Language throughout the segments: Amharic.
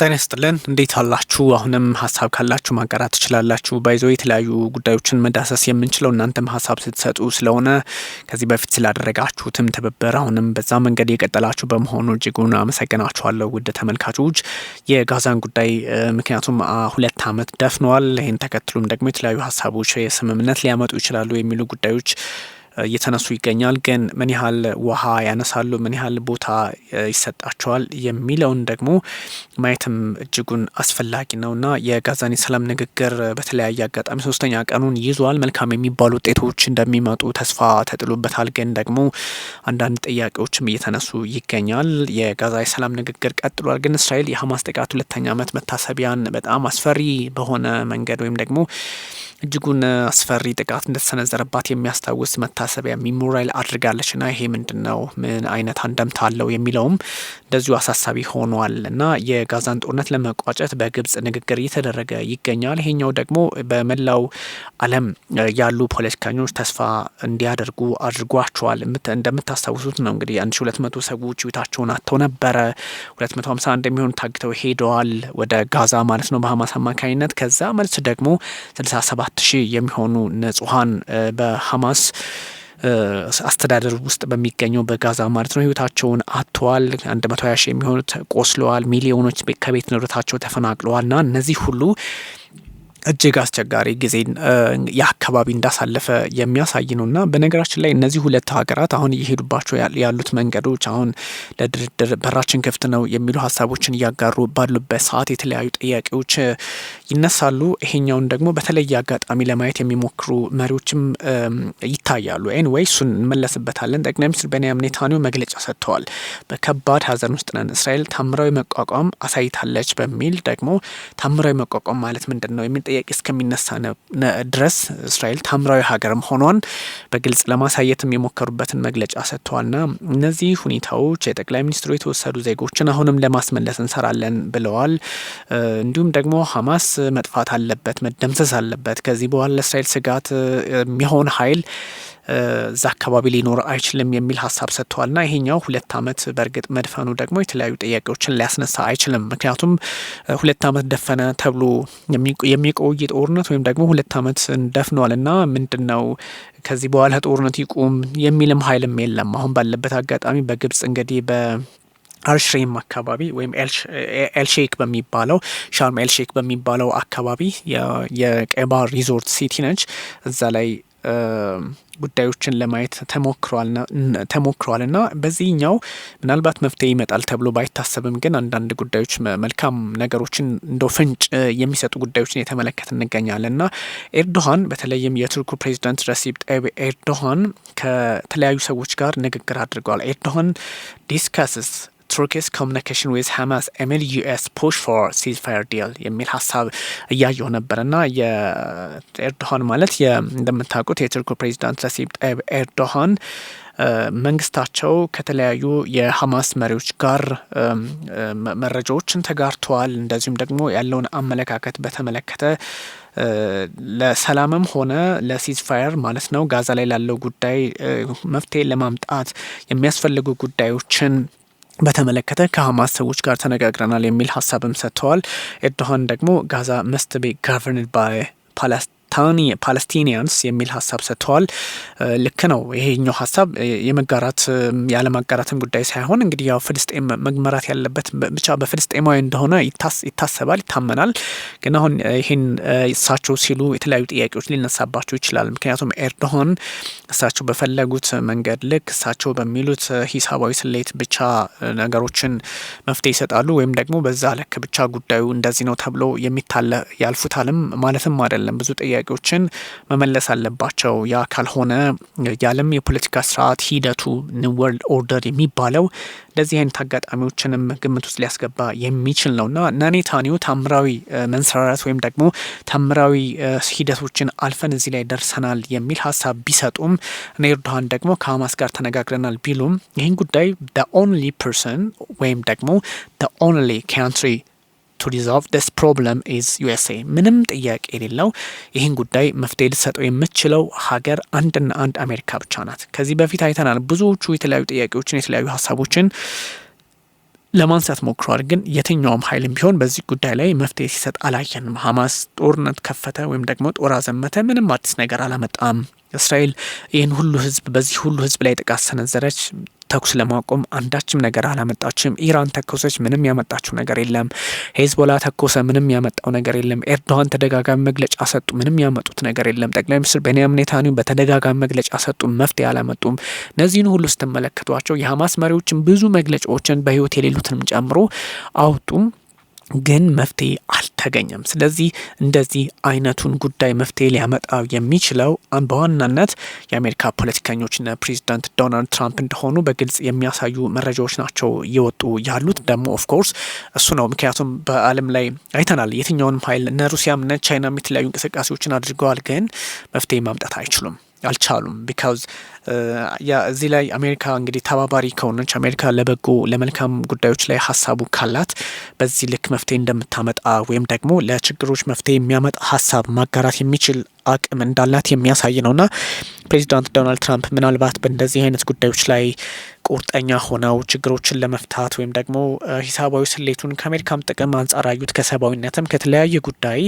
ጤና ይስጥልን እንዴት አላችሁ? አሁንም ሀሳብ ካላችሁ ማጋራት ትችላላችሁ። ባይዞ የተለያዩ ጉዳዮችን መዳሰስ የምንችለው እናንተም ሀሳብ ስትሰጡ ስለሆነ ከዚህ በፊት ስላደረጋችሁትም ትብብር አሁንም በዛ መንገድ የቀጠላችሁ በመሆኑ እጅጉን አመሰግናችኋለሁ ውድ ተመልካቾች። የጋዛን ጉዳይ ምክንያቱም ሁለት ዓመት ደፍነዋል። ይህን ተከትሎም ደግሞ የተለያዩ ሀሳቦች ስምምነት ሊያመጡ ይችላሉ የሚሉ ጉዳዮች እየተነሱ ይገኛል። ግን ምን ያህል ውሃ ያነሳሉ፣ ምን ያህል ቦታ ይሰጣቸዋል የሚለውን ደግሞ ማየትም እጅጉን አስፈላጊ ነው እና የጋዛን የሰላም ንግግር በተለያየ አጋጣሚ ሶስተኛ ቀኑን ይዟል። መልካም የሚባሉ ውጤቶች እንደሚመጡ ተስፋ ተጥሎበታል። ግን ደግሞ አንዳንድ ጥያቄዎችም እየተነሱ ይገኛል። የጋዛ የሰላም ንግግር ቀጥሏል። ግን እስራኤል የሀማስ ጥቃት ሁለተኛ ዓመት መታሰቢያን በጣም አስፈሪ በሆነ መንገድ ወይም ደግሞ እጅጉን አስፈሪ ጥቃት እንደተሰነዘረባት የሚያስታውስ መታሰቢያ ሚሞራይል አድርጋለች ና ይሄ ምንድን ነው? ምን አይነት አንደምታ አለው? የሚለውም እንደዚሁ አሳሳቢ ሆኗል እና የጋዛን ጦርነት ለመቋጨት በግብጽ ንግግር እየተደረገ ይገኛል። ይሄኛው ደግሞ በመላው አለም ያሉ ፖለቲከኞች ተስፋ እንዲያደርጉ አድርጓቸዋል። እንደምታስታውሱት ነው እንግዲህ 1200 ሰዎች ቤታቸውን አጥተው ነበረ። 251 የሚሆኑ ታግተው ሄደዋል ወደ ጋዛ ማለት ነው በሀማስ አማካኝነት ከዛ መልስ ደግሞ 67 ሰባት ሺህ የሚሆኑ ንጹሐን በሐማስ አስተዳደር ውስጥ በሚገኘው በጋዛ ማለት ነው ህይወታቸውን አጥተዋል። አንድ መቶ ሺህ የሚሆኑት ቆስለዋል። ሚሊዮኖች ከቤት ንብረታቸው ተፈናቅለዋል። ና እነዚህ ሁሉ እጅግ አስቸጋሪ ጊዜን የአካባቢ እንዳሳለፈ የሚያሳይ እና በነገራችን ላይ እነዚህ ሁለት ሀገራት አሁን እየሄዱባቸው ያሉት መንገዶች አሁን ለድርድር በራችን ክፍት ነው የሚሉ ሀሳቦችን እያጋሩ ባሉበት ሰዓት የተለያዩ ጥያቄዎች ይነሳሉ። ይሄኛውን ደግሞ በተለየ አጋጣሚ ለማየት የሚሞክሩ መሪዎችም ይታያሉ። ወይ እሱን እንመለስበታለን። ጠቅላይ ሚኒስትር ቤንያሚን ኔታንያሁ መግለጫ ሰጥተዋል። በከባድ ሀዘን ውስጥ ነን፣ እስራኤል ታምራዊ መቋቋም አሳይታለች በሚል ደግሞ ታምራዊ መቋቋም ማለት ምንድን ነው የሚል ጥያቄ እስከሚነሳ ድረስ እስራኤል ታምራዊ ሀገርም ሆኗን በግልጽ ለማሳየትም የሞከሩበትን መግለጫ ሰጥተዋልና እነዚህ ሁኔታዎች የጠቅላይ ሚኒስትሩ የተወሰዱ ዜጎችን አሁንም ለማስመለስ እንሰራለን ብለዋል። እንዲሁም ደግሞ ሀማስ መጥፋት አለበት፣ መደምሰስ አለበት። ከዚህ በኋላ ለእስራኤል ስጋት የሚሆን ኃይል እዛ አካባቢ ሊኖር አይችልም የሚል ሀሳብ ና ይሄኛው ሁለት ዓመት በእርግጥ መድፈኑ ደግሞ የተለያዩ ጥያቄዎችን ሊያስነሳ አይችልም። ምክንያቱም ሁለት ዓመት ደፈነ ተብሎ የሚቆይ ጦርነት ወይም ደግሞ ሁለት ዓመት ና ምንድን ነው ከዚህ በኋላ ጦርነት ይቁም የሚልም ሀይልም የለም። አሁን ባለበት አጋጣሚ በግብጽ እንግዲህ በ አርሽሬም አካባቢ ወይም ኤልሼክ በሚባለው ሻርም ኤልሼክ በሚባለው አካባቢ የቀይ ሪዞርት ሲቲ ነች። እዛ ላይ ጉዳዮችን ለማየት ተሞክሯል እና በዚህኛው ምናልባት መፍትሄ ይመጣል ተብሎ ባይታሰብም ግን አንዳንድ ጉዳዮች መልካም ነገሮችን እንደው ፍንጭ የሚሰጡ ጉዳዮችን የተመለከት እንገኛለን እና ኤርዶሃን በተለይም የቱርኩ ፕሬዚዳንት ረሲብ ጠይብ ኤርዶሃን ከተለያዩ ሰዎች ጋር ንግግር አድርገዋል። ኤርዶሃን ዲስከስስ ቱርኪስ ኮሚኒኬሽን ዊዝ ሐማስ ኤሚል ዩኤስ ፑሽ ፎር ሲዝፋየር ዲል የሚል ሀሳብ እያየሁ ነበር እና የኤርዶሃን ማለት እንደምታውቁት የቱርኩ ፕሬዚዳንት ረሲብ ጣይብ ኤርዶሃን መንግስታቸው ከተለያዩ የሐማስ መሪዎች ጋር መረጃዎችን ተጋርተዋል። እንደዚሁም ደግሞ ያለውን አመለካከት በተመለከተ ለሰላምም ሆነ ለሲዝፋየር ማለት ነው ጋዛ ላይ ላለው ጉዳይ መፍትሄ ለማምጣት የሚያስፈልጉ ጉዳዮችን በተመለከተ ከሀማስ ሰዎች ጋር ተነጋግረናል የሚል ሀሳብም ሰጥተዋል። ኤርዶሃን ደግሞ ጋዛ መስት ቤ ጋቨርንድ ባይ ፓላስ ታኒ ፓለስቲኒያንስ የሚል ሀሳብ ሰጥተዋል። ልክ ነው። ይሄኛው ሀሳብ የመጋራት ያለማጋራትን ጉዳይ ሳይሆን እንግዲህ ያው ፍልስጤም መግመራት ያለበት ብቻ በፍልስጤማዊ እንደሆነ ይታሰባል፣ ይታመናል። ግን አሁን ይህን እሳቸው ሲሉ የተለያዩ ጥያቄዎች ሊነሳባቸው ይችላል። ምክንያቱም ኤርዶሆን እሳቸው በፈለጉት መንገድ ልክ እሳቸው በሚሉት ሂሳባዊ ስሌት ብቻ ነገሮችን መፍትሄ ይሰጣሉ ወይም ደግሞ በዛ ልክ ብቻ ጉዳዩ እንደዚህ ነው ተብሎ የሚታለ ያልፉታልም ማለትም አይደለም ብዙ ጥያቄ ጥያቄዎችን መመለስ አለባቸው። ያ ካልሆነ የዓለም የፖለቲካ ስርዓት ሂደቱ ኒው ወርልድ ኦርደር የሚባለው ለዚህ አይነት አጋጣሚዎችንም ግምት ውስጥ ሊያስገባ የሚችል ነውና ነኔታኒው ታምራዊ መንሰራራት ወይም ደግሞ ታምራዊ ሂደቶችን አልፈን እዚህ ላይ ደርሰናል የሚል ሀሳብ ቢሰጡም እና ኤርዶሃን ደግሞ ከሀማስ ጋር ተነጋግረናል ቢሉም ይህን ጉዳይ ኦንሊ ፐርሰን ወይም ደግሞ ኦንሊ ካንትሪ to resolve this problem is USA ምንም ጥያቄ የሌለው ይህን ጉዳይ መፍትሄ ልትሰጠው የምችለው ሀገር አንድና አንድ አሜሪካ ብቻ ናት። ከዚህ በፊት አይተናል። ብዙዎቹ የተለያዩ ጥያቄዎችን የተለያዩ ሀሳቦችን ለማንሳት ሞክረዋል። ግን የትኛውም ኃይልም ቢሆን በዚህ ጉዳይ ላይ መፍትሄ ሲሰጥ አላየንም። ሀማስ ጦርነት ከፈተ ወይም ደግሞ ጦር አዘመተ፣ ምንም አዲስ ነገር አላመጣም። እስራኤል ይህን ሁሉ ህዝብ በዚህ ሁሉ ህዝብ ላይ ጥቃት ሰነዘረች። ተኩስ ለማቆም አንዳችም ነገር አላመጣችም። ኢራን ተኮሰች፣ ምንም ያመጣችው ነገር የለም። ሄዝቦላ ተኮሰ፣ ምንም ያመጣው ነገር የለም። ኤርዶሃን ተደጋጋሚ መግለጫ ሰጡ፣ ምንም ያመጡት ነገር የለም። ጠቅላይ ሚኒስትር ቤንያሚን ኔታንያሁ በተደጋጋሚ መግለጫ ሰጡ፣ መፍትሄ አላመጡም። እነዚህን ሁሉ ስትመለከቷቸው የሀማስ መሪዎችን ብዙ መግለጫዎችን በህይወት የሌሉትንም ጨምሮ አውጡም ግን መፍትሄ አልተገኘም። ስለዚህ እንደዚህ አይነቱን ጉዳይ መፍትሄ ሊያመጣ የሚችለው በዋናነት የአሜሪካ ፖለቲከኞችና ፕሬዚዳንት ዶናልድ ትራምፕ እንደሆኑ በግልጽ የሚያሳዩ መረጃዎች ናቸው እየወጡ ያሉት። ደግሞ ኦፍኮርስ እሱ ነው። ምክንያቱም በዓለም ላይ አይተናል የትኛውንም ኃይል እነ ሩሲያም እነ ቻይናም የተለያዩ እንቅስቃሴዎችን አድርገዋል፣ ግን መፍትሄ ማምጣት አይችሉም። አልቻሉም። uh, ያ እዚህ ላይ አሜሪካ እንግዲህ ተባባሪ ከሆነች አሜሪካ ለበጎ ለመልካም ጉዳዮች ላይ ሀሳቡ ካላት በዚህ ልክ መፍትሄ እንደምታመጣ ወይም ደግሞ ለችግሮች መፍትሄ የሚያመጣ ሀሳብ ማጋራት የሚችል አቅም እንዳላት የሚያሳይ ነውና ፕሬዚዳንት ዶናልድ ትራምፕ ምናልባት በእንደዚህ አይነት ጉዳዮች ላይ ቁርጠኛ ሆነው ችግሮችን ለመፍታት ወይም ደግሞ ሂሳባዊ ስሌቱን ከአሜሪካም ጥቅም አንጻር አዩት፣ ከሰብአዊነትም ከተለያየ ጉዳይ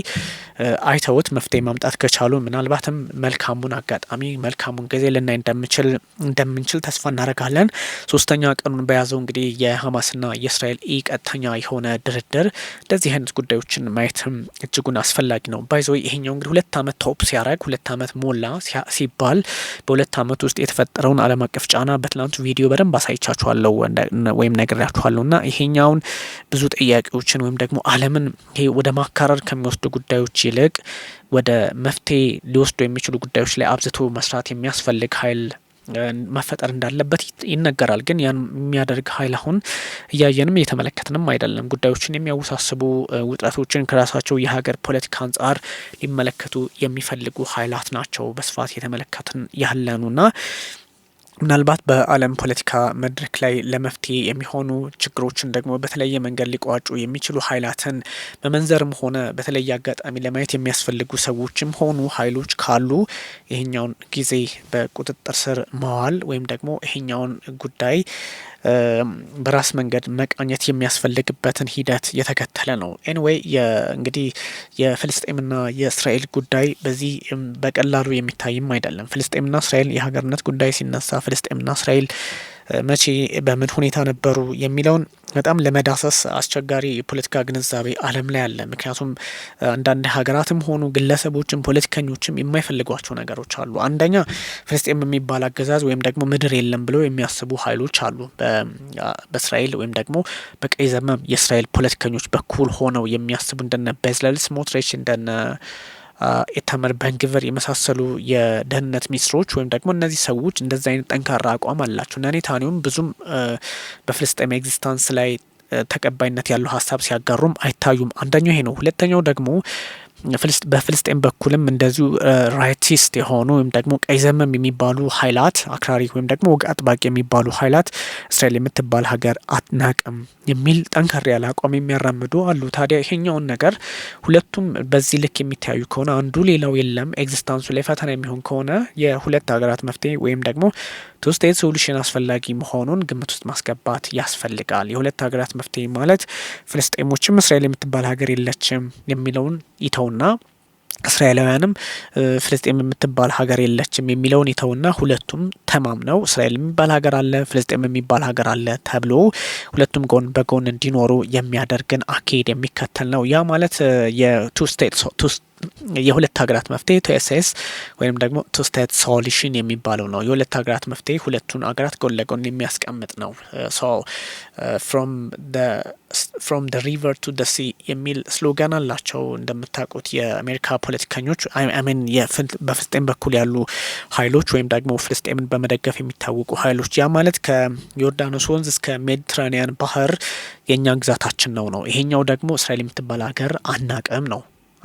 አይተውት መፍትሄ ማምጣት ከቻሉ ምናልባትም መልካሙን አጋጣሚ መልካሙን ጊዜ ልናይ እንደምችል እንደምንችል ተስፋ እናደርጋለን። ሶስተኛ ቀኑን በያዘው እንግዲህ የሀማስና የእስራኤል ኢ ቀጥተኛ የሆነ ድርድር እንደዚህ አይነት ጉዳዮችን ማየትም እጅጉን አስፈላጊ ነው። ባይዞ ይሄኛው እንግዲህ ሁለት አመት ቶፕ ሲያረግ ሁለት አመት ሞላ ሲባል በሁለት አመት ውስጥ የተፈጠረውን ዓለም አቀፍ ጫና በትናንቱ ቪዲዮ በደንብ በደንብ አሳይቻችኋለሁ ወይም ነግሬያችኋለሁ እና ይሄኛውን ብዙ ጥያቄዎችን ወይም ደግሞ ዓለምን ወደ ማካረር ከሚወስዱ ጉዳዮች ይልቅ ወደ መፍትሄ ሊወስዱ የሚችሉ ጉዳዮች ላይ አብዝቶ መስራት የሚያስፈልግ ኃይል መፈጠር እንዳለበት ይነገራል። ግን ያን የሚያደርግ ኃይል አሁን እያየንም እየተመለከትንም አይደለም። ጉዳዮችን የሚያወሳስቡ ውጥረቶችን ከራሳቸው የሀገር ፖለቲካ አንጻር ሊመለከቱ የሚፈልጉ ኃይላት ናቸው በስፋት የተመለከትን ያለኑና ምናልባት በዓለም ፖለቲካ መድረክ ላይ ለመፍትሄ የሚሆኑ ችግሮችን ደግሞ በተለየ መንገድ ሊቋጩ የሚችሉ ኃይላትን በመንዘርም ሆነ በተለየ አጋጣሚ ለማየት የሚያስፈልጉ ሰዎችም ሆኑ ኃይሎች ካሉ ይህኛውን ጊዜ በቁጥጥር ስር መዋል ወይም ደግሞ ይህኛውን ጉዳይ በራስ መንገድ መቃኘት የሚያስፈልግበትን ሂደት የተከተለ ነው። ኤንዌይ እንግዲህ የፍልስጤምና የእስራኤል ጉዳይ በዚህ በቀላሉ የሚታይም አይደለም። ፍልስጤምና እስራኤል የሀገርነት ጉዳይ ሲነሳ ፍልስጤምና እስራኤል መቼ በምን ሁኔታ ነበሩ የሚለውን በጣም ለመዳሰስ አስቸጋሪ የፖለቲካ ግንዛቤ ዓለም ላይ አለ። ምክንያቱም አንዳንድ ሀገራትም ሆኑ ግለሰቦችም ፖለቲከኞችም የማይፈልጓቸው ነገሮች አሉ። አንደኛ ፍልስጤም የሚባል አገዛዝ ወይም ደግሞ ምድር የለም ብለው የሚያስቡ ኃይሎች አሉ። በእስራኤል ወይም ደግሞ በቀይ ዘመም የእስራኤል ፖለቲከኞች በኩል ሆነው የሚያስቡ እንደነ ቤዝለል ስሞትሪች እንደነ ኢታማር በንግቨር የመሳሰሉ የደህንነት ሚኒስትሮች ወይም ደግሞ እነዚህ ሰዎች እንደዚህ አይነት ጠንካራ አቋም አላቸው እና ኔታንያሁም ብዙም በፍልስጤም ኤግዚስታንስ ላይ ተቀባይነት ያለው ሀሳብ ሲያጋሩም አይታዩም። አንደኛው ይሄ ነው። ሁለተኛው ደግሞ በፍልስጤም በኩልም እንደዚሁ ራይቲስት የሆኑ ወይም ደግሞ ቀይ ዘመም የሚባሉ ኃይላት አክራሪ ወይም ደግሞ ወግ አጥባቂ የሚባሉ ኃይላት እስራኤል የምትባል ሀገር አትናቅም የሚል ጠንከር ያለ አቋም የሚያራምዱ አሉ። ታዲያ ይሄኛውን ነገር ሁለቱም በዚህ ልክ የሚተያዩ ከሆነ አንዱ ሌላው የለም ኤግዚስታንሱ ላይ ፈተና የሚሆን ከሆነ የሁለት ሀገራት መፍትሄ ወይም ደግሞ ቱ ስቴት ሶሉሽን አስፈላጊ መሆኑን ግምት ውስጥ ማስገባት ያስፈልጋል። የሁለት ሀገራት መፍትሄ ማለት ፍልስጤሞችም እስራኤል የምትባል ሀገር የለችም የሚለውን ይተው ነውና እስራኤላውያንም ፍልስጤም የምትባል ሀገር የለችም የሚለውን ይተውና ሁለቱም ተማምነው እስራኤል የሚባል ሀገር አለ፣ ፍልስጤም የሚባል ሀገር አለ ተብሎ ሁለቱም ጎን በጎን እንዲኖሩ የሚያደርግን አካሄድ የሚከተል ነው። ያ ማለት የቱ ስቴትስ የሁለት ሀገራት መፍትሄ ቱኤስኤስ ወይም ደግሞ ቱ ሶሉሽን የሚባለው ነው። የሁለት ሀገራት መፍትሄ ሁለቱን ሀገራት ጎን ለጎን የሚያስቀምጥ ነው። ፍሮም ደ ሪቨር ቱ ደ ሲ የሚል ስሎጋን አላቸው። እንደምታውቁት የአሜሪካ ፖለቲከኞች አሜን በፍልስጤም በኩል ያሉ ኃይሎች ወይም ደግሞ ፍልስጤምን በመደገፍ የሚታወቁ ሀይሎች ያ ማለት ከዮርዳኖስ ወንዝ እስከ ሜዲትራኒያን ባህር የእኛ ግዛታችን ነው ነው። ይሄኛው ደግሞ እስራኤል የምትባል ሀገር አናቅም ነው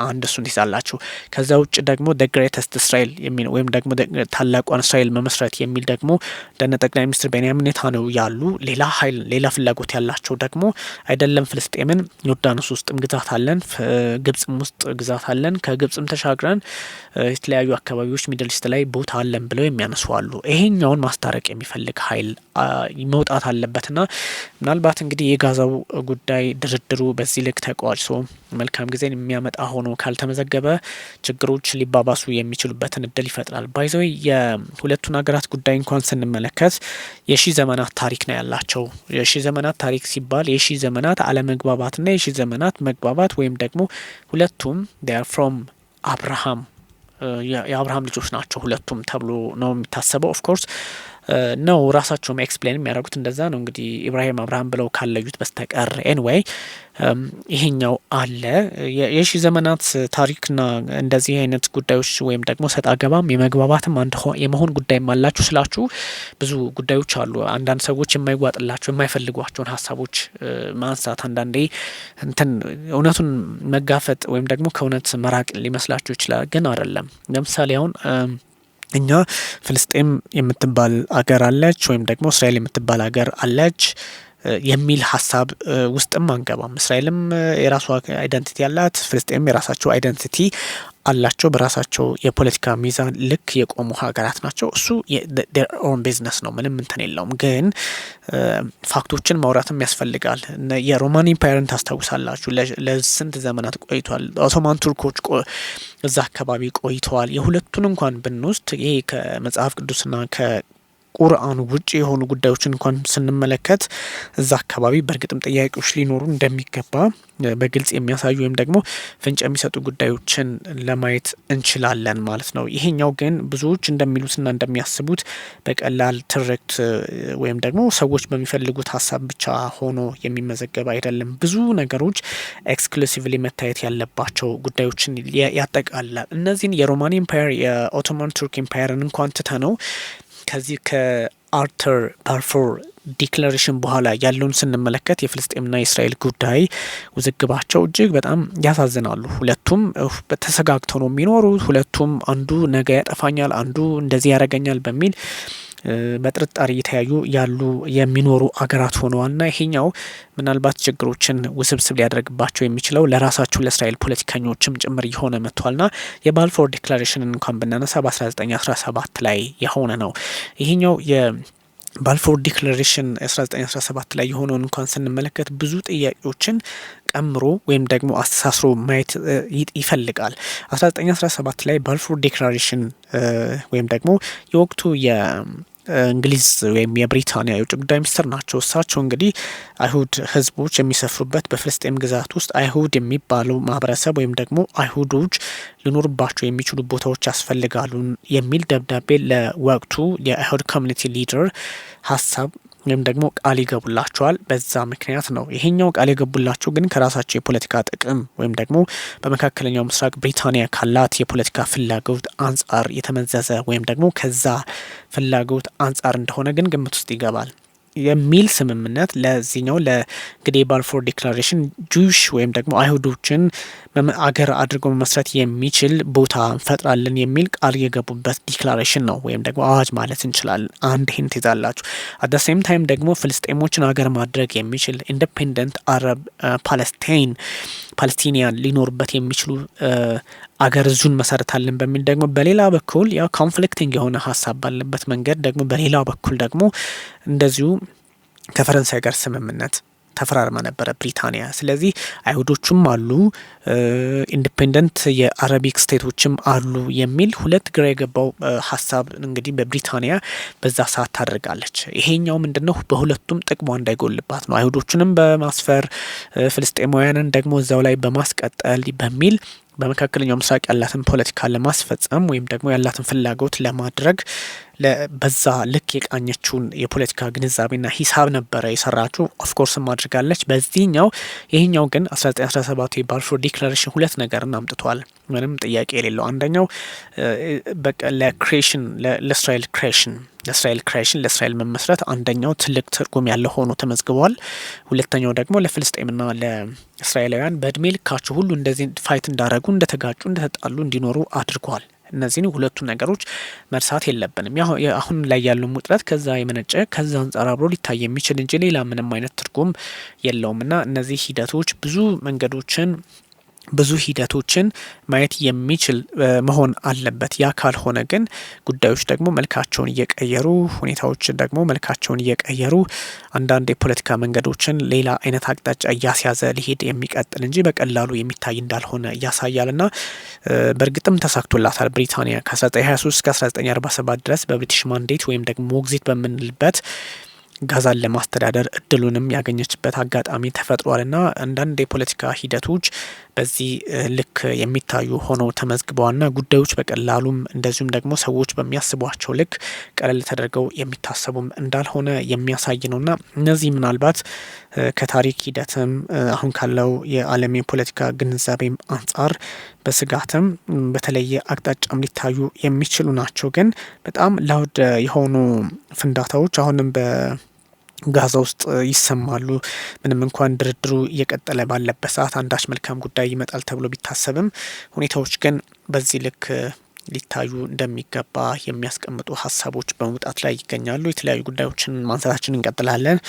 አንድ እሱን ትይዛላችሁ። ከዛ ውጭ ደግሞ ደ ግሬተስት እስራኤል የሚል ወይም ደግሞ ታላቋን እስራኤል መመስረት የሚል ደግሞ እንደነ ጠቅላይ ሚኒስትር ቤንያሚን ኔታንያሁ ያሉ ሌላ ሀይል ሌላ ፍላጎት ያላቸው ደግሞ አይደለም ፍልስጤምን ዮርዳኖስ ውስጥም ግዛት አለን፣ ግብጽም ውስጥ ግዛት አለን፣ ከግብጽም ተሻግረን የተለያዩ አካባቢዎች ሚድል ላይ ቦታ አለን ብለው የሚያነሱ አሉ። ይሄኛውን ማስታረቅ የሚፈልግ ኃይል መውጣት አለበትና ምናልባት እንግዲህ የጋዛው ጉዳይ ድርድሩ በዚህ ልክ ተቋጭሶ መልካም ጊዜን የሚያመጣ ሆኖ ሆኖ ካልተመዘገበ ችግሮች ሊባባሱ የሚችሉበትን እድል ይፈጥራል። ባይዘወይ የሁለቱን ሀገራት ጉዳይ እንኳን ስንመለከት የሺ ዘመናት ታሪክ ነው ያላቸው። የሺ ዘመናት ታሪክ ሲባል የሺ ዘመናት አለመግባባትና የሺ ዘመናት መግባባት ወይም ደግሞ ሁለቱም ፍሮም አብርሃም የአብርሃም ልጆች ናቸው ሁለቱም ተብሎ ነው የሚታሰበው። ኦፍኮርስ ነው ራሳቸውም ኤክስፕሌን የሚያደርጉት እንደዛ ነው እንግዲህ ኢብራሂም አብርሃም ብለው ካለዩት በስተቀር ኤንዌይ ይሄኛው አለ። የሺ ዘመናት ታሪክና እንደዚህ አይነት ጉዳዮች ወይም ደግሞ ሰጥ አገባም የመግባባትም አንድ የመሆን ጉዳይም አላችሁ ስላችሁ ብዙ ጉዳዮች አሉ። አንዳንድ ሰዎች የማይዋጥላቸው የማይፈልጓቸውን ሀሳቦች ማንሳት አንዳንዴ እንትን እውነቱን መጋፈጥ ወይም ደግሞ ከእውነት መራቅ ሊመስላችሁ ይችላል፣ ግን አይደለም። ለምሳሌ አሁን እኛ ፍልስጤም የምትባል አገር አለች፣ ወይም ደግሞ እስራኤል የምትባል አገር አለች። የሚል ሀሳብ ውስጥም አንገባም። እስራኤልም የራሷ አይደንቲቲ አላት፣ ፍልስጤም የራሳቸው አይደንቲቲ አላቸው። በራሳቸው የፖለቲካ ሚዛን ልክ የቆሙ ሀገራት ናቸው። እሱ ዴር ኦን ቢዝነስ ነው፣ ምንም እንትን የለውም። ግን ፋክቶችን ማውራትም ያስፈልጋል። የሮማን ኢምፓየርን ታስታውሳላችሁ፣ ለስንት ዘመናት ቆይቷል። ኦቶማን ቱርኮች እዛ አካባቢ ቆይተዋል። የሁለቱን እንኳን ብንወስድ ይሄ ከመጽሐፍ ቅዱስና ቁርአን ውጭ የሆኑ ጉዳዮችን እንኳን ስንመለከት እዛ አካባቢ በእርግጥም ጥያቄዎች ሊኖሩ እንደሚገባ በግልጽ የሚያሳዩ ወይም ደግሞ ፍንጭ የሚሰጡ ጉዳዮችን ለማየት እንችላለን ማለት ነው። ይሄኛው ግን ብዙዎች እንደሚሉትና እንደሚያስቡት በቀላል ትርክት ወይም ደግሞ ሰዎች በሚፈልጉት ሀሳብ ብቻ ሆኖ የሚመዘገብ አይደለም። ብዙ ነገሮች ኤክስክሉሲቭሊ መታየት ያለባቸው ጉዳዮችን ያጠቃልላል። እነዚህን የሮማን ኤምፓየር የኦቶማን ቱርክ ኤምፓየርን እንኳን ትተነው ከዚህ ከአርተር ባርፎር ዲክለሬሽን በኋላ ያለውን ስንመለከት የፍልስጤምና የእስራኤል ጉዳይ ውዝግባቸው እጅግ በጣም ያሳዝናሉ። ሁለቱም ተሰጋግተው ነው የሚኖሩት። ሁለቱም አንዱ ነገ ያጠፋኛል፣ አንዱ እንደዚህ ያደርገኛል በሚል በጥርጣሬ የተያዩ ያሉ የሚኖሩ አገራት ና ይሄኛው ምናልባት ችግሮችን ውስብስብ ሊያደርግባቸው የሚችለው ለራሳቸው ለእስራኤል ፖለቲከኞችም ጭምር እየሆነ ና የባልፎር ዲክላሬሽን እንኳን ብናነሳ በ1917 ላይ የሆነ ነው ይሄኛው የ ባልፎር ዲክላሬሽን 1917 ላይ የሆነውን እንኳን ስንመለከት ብዙ ጥያቄዎችን ቀምሮ ወይም ደግሞ አስተሳስሮ ማየት ይፈልጋል። 1917 ላይ ባልፎር ዲክላሬሽን ወይም ደግሞ የወቅቱ የ እንግሊዝ ወይም የብሪታንያ የውጭ ጉዳይ ሚኒስትር ናቸው። እሳቸው እንግዲህ አይሁድ ህዝቦች የሚሰፍሩበት በፍልስጤም ግዛት ውስጥ አይሁድ የሚባለው ማህበረሰብ ወይም ደግሞ አይሁዶች ሊኖርባቸው የሚችሉ ቦታዎች ያስፈልጋሉ የሚል ደብዳቤ ለወቅቱ የአይሁድ ኮሚኒቲ ሊደር ሀሳብ ወይም ደግሞ ቃል ይገቡላቸዋል። በዛ ምክንያት ነው። ይሄኛው ቃል የገቡላቸው ግን ከራሳቸው የፖለቲካ ጥቅም ወይም ደግሞ በመካከለኛው ምስራቅ ብሪታንያ ካላት የፖለቲካ ፍላጎት አንጻር የተመዘዘ ወይም ደግሞ ከዛ ፍላጎት አንጻር እንደሆነ ግን ግምት ውስጥ ይገባል የሚል ስምምነት ለዚህኛው ለግዴ ባልፎር ዲክላሬሽን ጁሽ ወይም ደግሞ አይሁዶችን አገር አድርጎ መመስረት የሚችል ቦታ እንፈጥራለን የሚል ቃል የገቡበት ዲክላሬሽን ነው ወይም ደግሞ አዋጅ ማለት እንችላለን። አንድ ሂንት ይዛላችሁ። አደ ሴም ታይም ደግሞ ፍልስጤሞችን አገር ማድረግ የሚችል ኢንዲፔንደንት አረብ ፓለስታይን ፓለስቲኒያን ሊኖሩበት የሚችሉ አገር እዙን መሰረታለን በሚል ደግሞ በሌላ በኩል ያው ኮንፍሊክቲንግ የሆነ ሀሳብ ባለበት መንገድ ደግሞ በሌላ በኩል ደግሞ እንደዚሁ ከፈረንሳይ ጋር ስምምነት ተፈራርማ ነበረ ብሪታንያ። ስለዚህ አይሁዶችም አሉ፣ ኢንዲፔንደንት የአረቢክ ስቴቶችም አሉ የሚል ሁለት ግራ የገባው ሀሳብ እንግዲህ በብሪታንያ በዛ ሰዓት ታደርጋለች። ይሄኛው ምንድነው በሁለቱም ጥቅሟ እንዳይጎልባት ነው። አይሁዶቹንም በማስፈር ፍልስጤማውያንን ደግሞ እዛው ላይ በማስቀጠል በሚል በመካከለኛው ምስራቅ ያላትን ፖለቲካ ለማስፈጸም ወይም ደግሞ ያላትን ፍላጎት ለማድረግ በዛ ልክ የቃኘችውን የፖለቲካ ግንዛቤና ሂሳብ ነበረ የሰራችው። ኦፍኮርስ ማድርጋለች። በዚህኛው ይህኛው ግን 1917 የባልፎር ዲክላሬሽን ሁለት ነገርን አምጥቷል፣ ምንም ጥያቄ የሌለው አንደኛው ለክሬሽን ለእስራኤል ክሬሽን ለእስራኤል ክሬሽን ለእስራኤል መመስረት አንደኛው ትልቅ ትርጉም ያለው ሆኖ ተመዝግቧል። ሁለተኛው ደግሞ ለፍልስጤምና ለእስራኤላውያን በእድሜ ልካቸው ሁሉ እንደዚህ ፋይት እንዳረጉ፣ እንደተጋጩ፣ እንደተጣሉ እንዲኖሩ አድርጓል። እነዚህን ሁለቱ ነገሮች መርሳት የለብንም። አሁን ላይ ያለው ውጥረት ከዛ የመነጨ ከዛ አንጻር አብሮ ሊታይ የሚችል እንጂ ሌላ ምንም አይነት ትርጉም የለውም እና እነዚህ ሂደቶች ብዙ መንገዶችን ብዙ ሂደቶችን ማየት የሚችል መሆን አለበት። ያ ካልሆነ ግን ጉዳዮች ደግሞ መልካቸውን እየቀየሩ ሁኔታዎችን ደግሞ መልካቸውን እየቀየሩ አንዳንድ የፖለቲካ መንገዶችን ሌላ አይነት አቅጣጫ እያስያዘ ሊሄድ የሚቀጥል እንጂ በቀላሉ የሚታይ እንዳልሆነ ያሳያል ና በእርግጥም ተሳክቶላታል ብሪታንያ ከ1923 እስከ 1947 ድረስ በብሪቲሽ ማንዴት ወይም ደግሞ ሞግዚት በምንልበት ጋዛን ለማስተዳደር እድሉንም ያገኘችበት አጋጣሚ ተፈጥሯልና አንዳንድ የፖለቲካ ሂደቶች በዚህ ልክ የሚታዩ ሆነው ተመዝግበዋልና ጉዳዮች በቀላሉም እንደዚሁም ደግሞ ሰዎች በሚያስቧቸው ልክ ቀለል ተደርገው የሚታሰቡም እንዳልሆነ የሚያሳይ ነውና እነዚህ ምናልባት ከታሪክ ሂደትም አሁን ካለው የዓለም የፖለቲካ ግንዛቤም አንጻር በስጋትም በተለየ አቅጣጫም ሊታዩ የሚችሉ ናቸው። ግን በጣም ለውድ የሆኑ ፍንዳታዎች አሁንም በ ጋዛ ውስጥ ይሰማሉ። ምንም እንኳን ድርድሩ እየቀጠለ ባለበት ሰዓት አንዳች መልካም ጉዳይ ይመጣል ተብሎ ቢታሰብም ሁኔታዎች ግን በዚህ ልክ ሊታዩ እንደሚገባ የሚያስቀምጡ ሀሳቦች በመውጣት ላይ ይገኛሉ። የተለያዩ ጉዳዮችን ማንሳታችን እንቀጥላለን።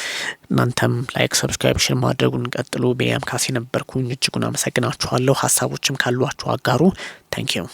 እናንተም ላይክ፣ ሰብስክራይብ፣ ሽር ማድረጉን እንቀጥሉ። ቤያም ካሴ ነበርኩኝ። እጅጉን አመሰግናችኋለሁ። ሀሳቦችም ካሏችሁ አጋሩ። ታንኪዩ